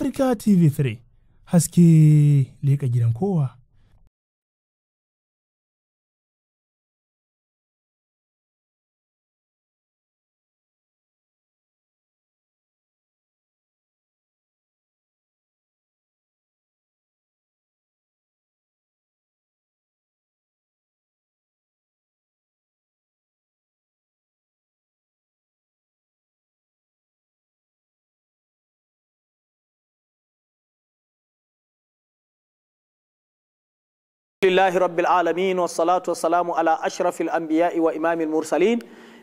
Africa TV3 haske leka gidan kowa. لله رب العالمين والصلاة والسلام على أشرف الأنبياء وإمام المرسلين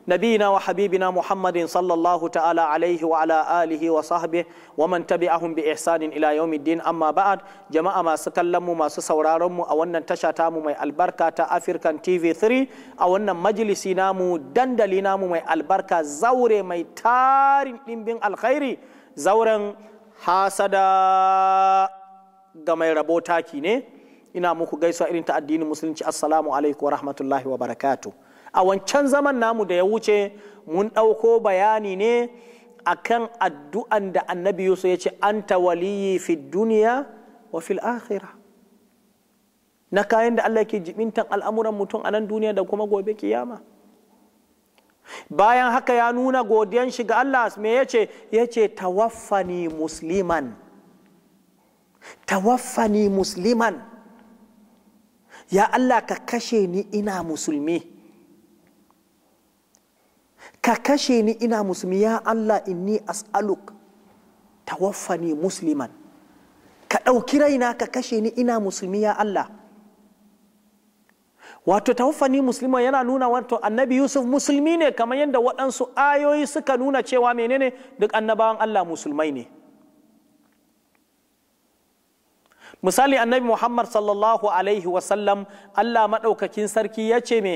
نبينا وحبيبنا محمد صلى الله تعالى عليه وعلى آله وصحبه ومن تبعهم بإحسان إلى يوم الدين أما بعد جماعة ما سكلموا ما سسورارموا أو أن تشتاموا مي البركة أفريكا تي في 3 أو أن مجلسي نامو دندلي نامو مي البركة زوري مي تارين لنبين الخير زورا حاسدا غمي ربوتاكي نه ina muku gaisuwa irin ta addinin musulunci assalamu alaikum wa rahmatullahi wa barakatu a wancan zaman namu da ya wuce mun ɗauko bayani ne akan addu'an da annabi yusuf ya ce anta waliyi fi duniya wa fil akhira na kayan da Allah ke jibintan al'amuran mutum a nan duniya da kuma gobe kiyama bayan haka ya nuna godiyan shi ga Allah me yace yace tawaffani musliman tawaffani musliman ya Allah ka kashe ni ina musulmi ka kashe ni ina musulmi ya Allah inni as'aluk tawaffani musliman ka ɗauki raina ka kashe ni ina musulmi ya Allah wato tawaffani musulman yana nuna wato annabi yusuf musulmi ne kamar yadda waɗansu ayoyi suka nuna cewa menene duk annabawan Allah musulmai ne misali annabi muhammad sallallahu alaihi wasallam allah maɗaukakin sarki ya ce me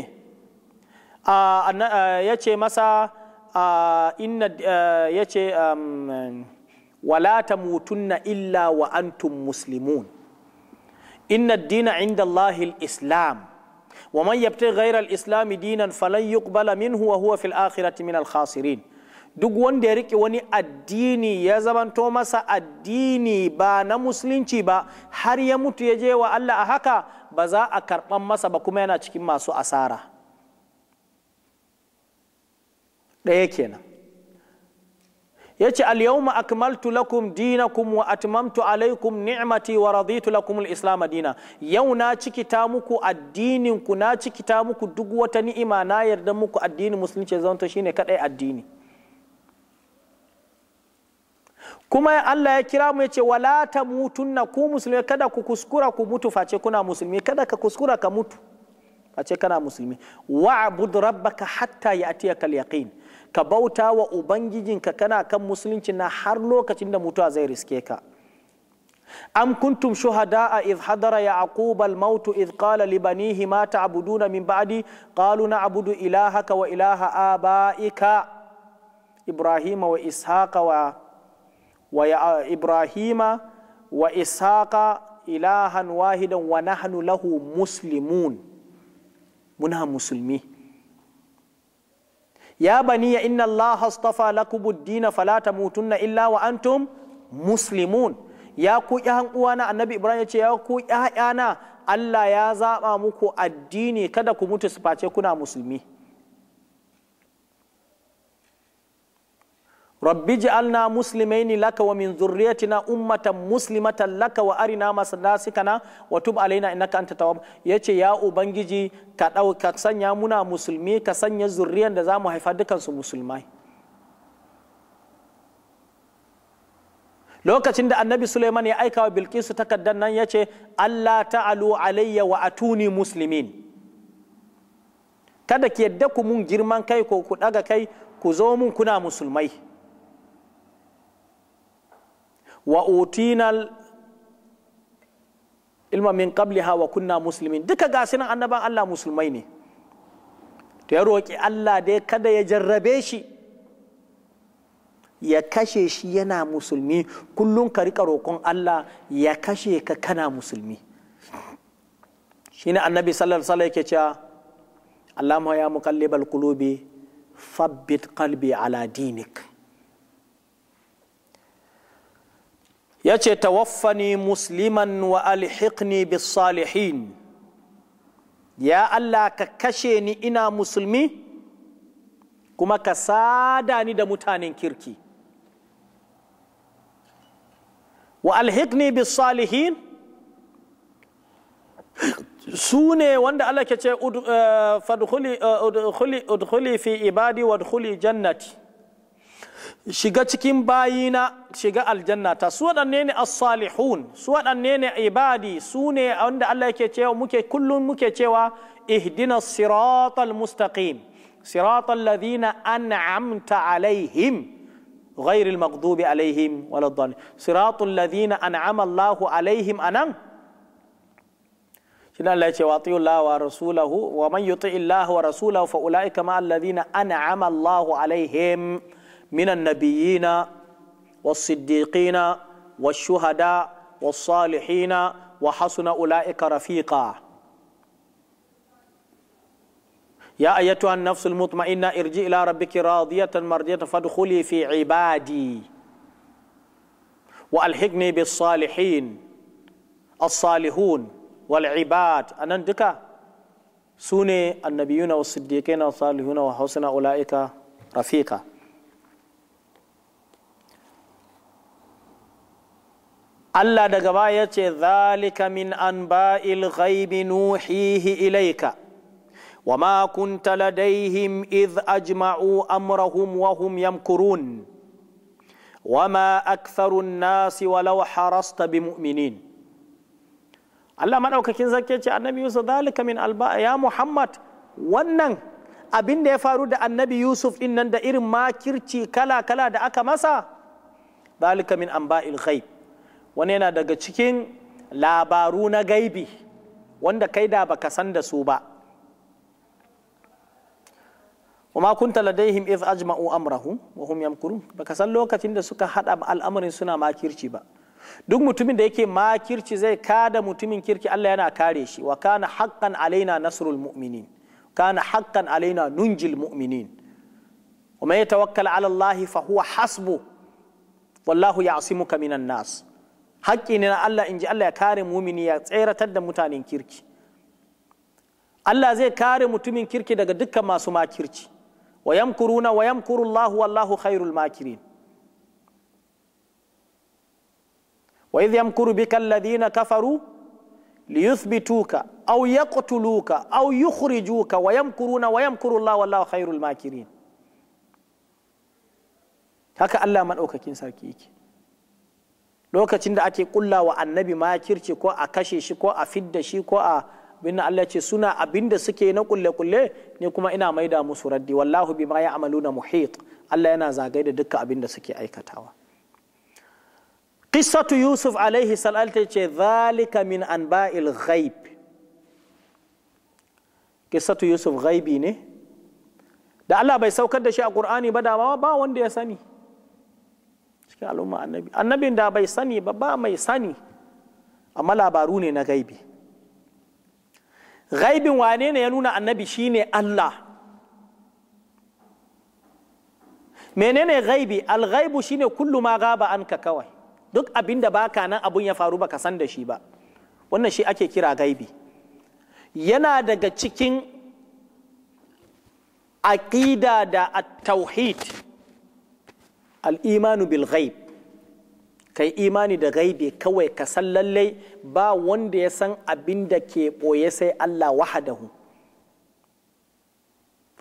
ya ce masa inna ya ce um, wala illa wa antum muslimun inna dina inda allahil islam wa man yabtaghi ghayra islam dinan falan yuqbala minhu wa huwa fil akhirati min khasirin duk wanda ya riƙe wani addini ya zamanto masa addini ba na musulunci ba har ya mutu ya je wa Allah a haka ba za a karɓan masa ba kuma yana cikin masu asara ɗaya kenan ya ce alyawma akmaltu lakum dinakum wa atmamtu alaikum ni'mati wa raditu lakum al-islam dina yau na cikita muku addinin ku na cikita muku duk wata ni'ima na yarda muku addinin musulunci zanto shine kadai addini kuma Allah ya kira mu yace wala mutunna ku musulmi kada ku kuskura ku mutu face kuna musulmi kada ka kuskura ka mutu face kana musulmi wa'bud rabbaka hatta ya'tiyaka al-yaqin ka bauta wa ubangijinka kana kan musulunci na har lokacin da mutuwa zai riske ka am kuntum shuhada idh hadara ya'qub al-maut idh qala li banihi ma ta'buduna min ba'di qalu na'budu ilahaka wa ilaha aba'ika ibrahima wa ishaqa wa wa ibrahima wa ishaqa ilahan wahidan wa nahnu lahu muslimun muna musulmi ya baniya inna allaha astafa lakumuddina fala tamutunna illa wa antum muslimun ya ku ƴan uwana annabi ibrahim ya ce ya ku ƴaƴana allah ya zaɓa muku addini kada ku mutu su face kuna musulmi rabbi ji'alna muslimaini laka wa min zurriyatina ummatan muslimatan laka wa arina na wa tub alaina innaka anta tawwab yace ya ubangiji ka dau ka sanya muna musulmi ka sanya zurriyan da zamu haifa dukan su musulmai lokacin da annabi suleiman ya aika wa bilkisu takaddan nan ya ce allah ta'alu alayya wa atuni muslimin kada ki yadda ku mun girman kai ko ku daga kai ku zo mun kuna musulmai wa utinal ilma min qabliha wa kunna musulmi duka gasu nan annaban Allah musulmai ne to ya roƙi Allah dai kada ya jarrabe shi ya kashe shi yana musulmi kullum ka riƙa roƙon Allah ya kashe ka kana musulmi shine annabi sallallahu alaihi yake cewa Allahumma ya muqallibal qulubi thabbit qalbi ala dinika ya ce tawaffani musliman wa alhiqni bis salihin ya Allah ka kashe ni ina musulmi kuma ka sada ni da mutanen kirki wa alhiqni bis salihin su ne wanda Allah ke ce eh, eh, udkhuli fi ibadi wa jannati shiga cikin bayina shiga aljanna ta su wadanne ne as-salihun su wadanne ne ibadi su ne wanda Allah yake cewa muke kullun muke cewa ihdinas siratal mustaqim siratal ladina an'amta alaihim غير المغضوب عليهم ولا الضالين صراط الذين أنعم الله عليهم أنام شنو الله يقول واطيع الله ورسوله ومن يطع الله ورسوله فأولئك مع الذين أنعم الله عليهم من النبيين والصديقين والشهداء والصالحين وحسن أولئك رفيقا يا أيتها النفس المطمئنة ارجع إلى ربك راضية مرضية فادخلي في عبادي وألحقني بالصالحين الصالحون والعباد أنا دكا سوني النبيون والصديقين والصالحون وحسن أولئك رفيقا Allah daga baya ce zalika min anba'il ghaibi nuhihi ilaika wa ma kunta ladaihim idh ajma'u amrahum wa hum yamkurun wa ma aktharun nasi walau harasta muminin. Allah madaukakin zake ce annabi Yusuf zalika min alba ya Muhammad wannan abin da ya faru da annabi Yusuf din nan da irin makirci kala kala da aka masa zalika min anba'il ghaib wani yana daga cikin labaru na gaibi wanda kai da baka san da su ba kuma وما كنت iz ajma'u أجمعوا wa hum yamkurun baka san lokacin da suka hada al'amarin suna makirci ba duk mutumin da yake makirci zai kada mutumin kirki Allah yana kare shi wa kana haqqan alaina nasrul mu'minin kana haqqan alaina nunjil mu'minin wa may tawakkal ala Allah fa huwa hasbu wallahu ya'simuka minan nas haƙƙi ne na Allah in ji Allah ya kare mumini ya tseratar da mutanen kirki Allah zai kare mutumin kirki daga dukkan masu makirci wa yamkuruna wa yamkuru Allahu wallahu khairul makirin wa idh yamkuru bika alladhina kafaru liyuthbituka aw yaqtuluka aw yukhrijuka wa yamkuruna wa yamkuru Allahu wallahu khairul makirin haka Allah madaukakin sarki yake lokacin da ake kulla wa annabi makirci ko a kashe shi ko a fidda shi ko a binna Allah ce suna da suke na kulle-kulle ne kuma ina maida musu raddi wallahu bima ya amaluna muhit Allah yana zagaye da dukkan da suke aikatawa qissatu yusuf alaihi salam ta ce zalika min anba'il ghaib qissatu yusuf ghaibi ne da Allah bai saukar da shi a Qur'ani ba da ba wanda ya sani cikin al'umma annabi annabin da bai sani ba ba mai sani amma labaru ne na gaibi gaibin wane ne ya nuna annabi shine Allah menene gaibi alghaibu shine kullu ma gaba anka kawai duk abin da baka nan abun ya faru baka san da shi ba wannan shi ake kira gaibi yana daga cikin aƙida da at-tauhid al'imanu bil ghaib ka imani da gaibi kawai ka san lallai ba wanda ya san abin da ke ɓoye sai Allah wahadahu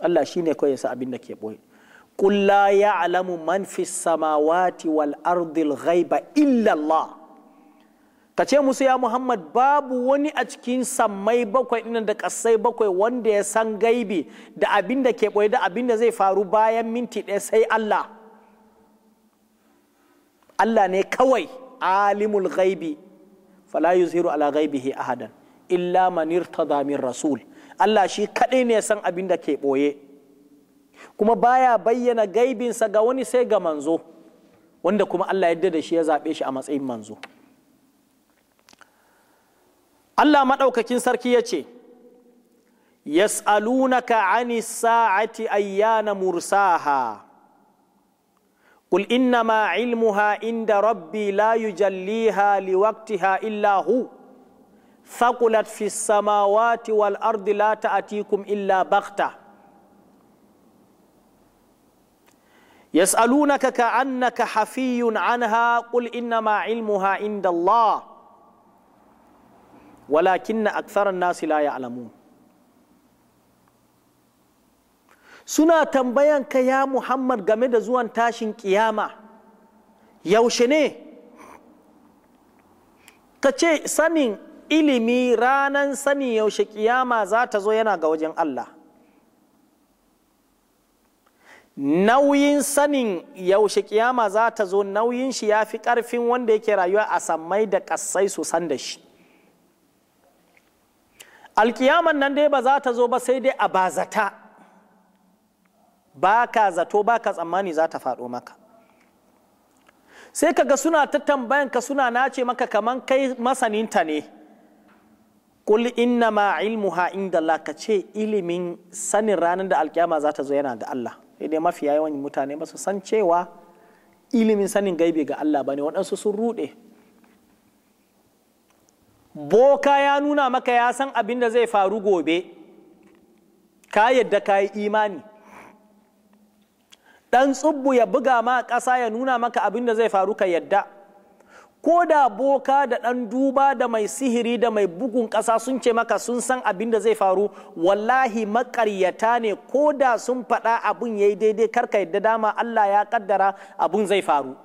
Allah shi ne kawai ya san abin da ke ɓoye ƙulla ya alamu man fi samawati wal ardil ghaiba illa ka ce musu ya Muhammad babu wani a cikin sammai bakwai ɗinan da ƙasai bakwai wanda ya san gaibi da abin da ke ɓoye da abin da zai faru bayan minti ɗaya sai Allah Allah ne kawai alimul ghaibi fala yuzhiru ala ghaibihi ahadan illa man irtada min rasul Allah shi kadai ne san abin da ke boye kuma baya bayyana gaibinsa ga wani sai ga manzo wanda kuma Allah yadda da shi ya zaɓe shi a matsayin manzo Allah maɗaukakin sarki ya ce yas'alunaka ani sa'ati ayyana mursaha قل إنما علمها عند ربي لا يجليها لوقتها إلا هو ثقلت في السماوات والأرض لا تأتيكم إلا بغتة يسألونك كأنك حفي عنها قل إنما علمها عند الله ولكن أكثر الناس لا يعلمون suna tambayan ka ya muhammad game da zuwan tashin kiyama yaushe ne ka ce sanin ilimi ranan sanin yaushe kiyama za ta zo yana ga wajen allah nauyin sanin yaushe kiyama za ta zo nauyin shi ya fi ƙarfin wanda yake rayuwa a samai da ƙasai su san da shi alkiyaman nan dai ba za ta zo ba sai dai a bazata ba ka zato ba ka tsammani za ta faɗo maka sai ka ga suna ta tambayan ka suna nace maka kaman kai masaninta ne kul inna ma ilmuha inda Allah ka ce ilimin sanin ranar da alkiyama za ta zo yana da Allah dai mafiya yawan mutane ba su san cewa ilimin sanin gaibe ga Allah bane ne waɗansu sun ruɗe boka ya nuna maka ya san abin da zai faru gobe ka yadda ka yi imani ɗan tsubbu ya buga ma ƙasa ya nuna maka abin da zai faru ka yadda ko da boka da ɗan duba da mai sihiri da mai bugun ƙasa sun ce maka sun san abin da zai faru wallahi maƙaryata ne ko da sun faɗa abin ya yi daidai karka yadda dama Allah ya ƙaddara abin zai faru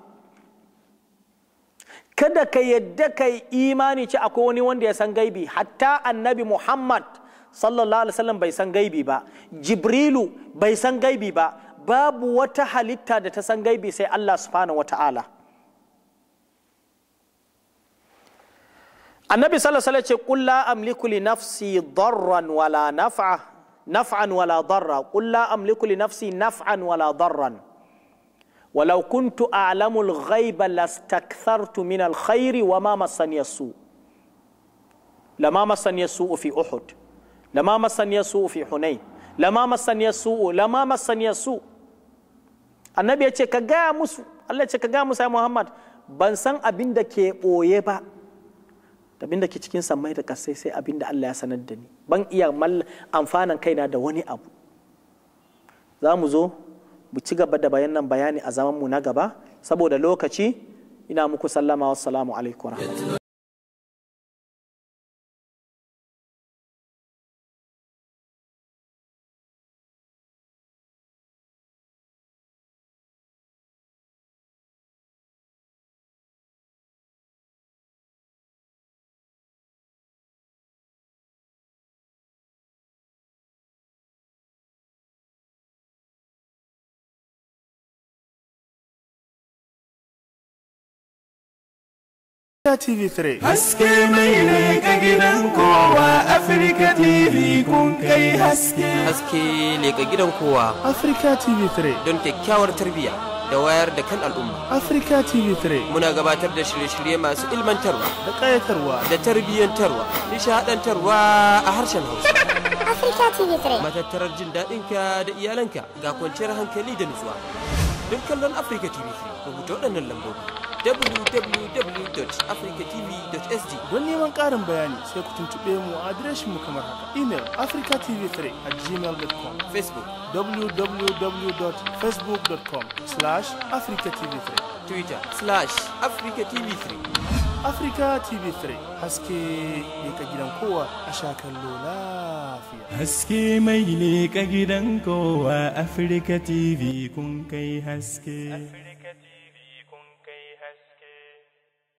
kada ka yadda ka imani ci akwai wani wanda ya san gaibi hatta annabi muhammad sallallahu alaihi wasallam bai san gaibi ba jibrilu bai san gaibi ba babu wata halitta da ta san gaibi sai Allah subhanahu wata'ala annabi sallallahu alaihi wasallam ce qul la amliku li nafsi darran wala naf'a naf'an wala darra qul la amliku li nafsi naf'an wala darran ولو كنت أعلم الغيب لاستكثرت من الخير وما مسن السوء لما مسن السوء في أحد لما مسن السوء في حنين لما مسن السوء لما مسن السوء annabi ya ce ka gaya musu Allah ce ka gaya musu Muhammad ban san abin da ke ɓoye ba abin da ke cikin sammai da kasai sai abin da Allah ya sanar da ni ban iya amfanan kaina da wani abu za mu zo mu ci gaba da bayan nan bayani a zaman mu na gaba saboda lokaci ina muku sallama wassalamu alaikum TV3 Haske mai ne ga gidan kowa Africa TV kun kai haske. Haske ne ga gidan kowa Africa TV3 don kyakkyawar tarbiyya da wayar da kan al'umma. Africa TV3 muna gabatar da shirye-shirye masu ilmantarwa da kayatarwa da tarbiyyantarwa nishadantarwa a harshen Hausa. Africa TV3 matattarar jin daɗinka da iyalanka ga kwanciyar hankali da nutsuwa. Don kallon Africa TV3 rubuta waɗannan lambobi. www.africatv.sg don neman ƙarin bayani sai ku tuntuɓe mu a mu kamar haka email africatv3 at gmail.com facebook www.facebook.com slash africatv3 twitter slash africatv3 Africa TV3 haske ne ka gidan kowa a shakar lola Haske mai ne ka gidan kowa Africa TV kun kai haske.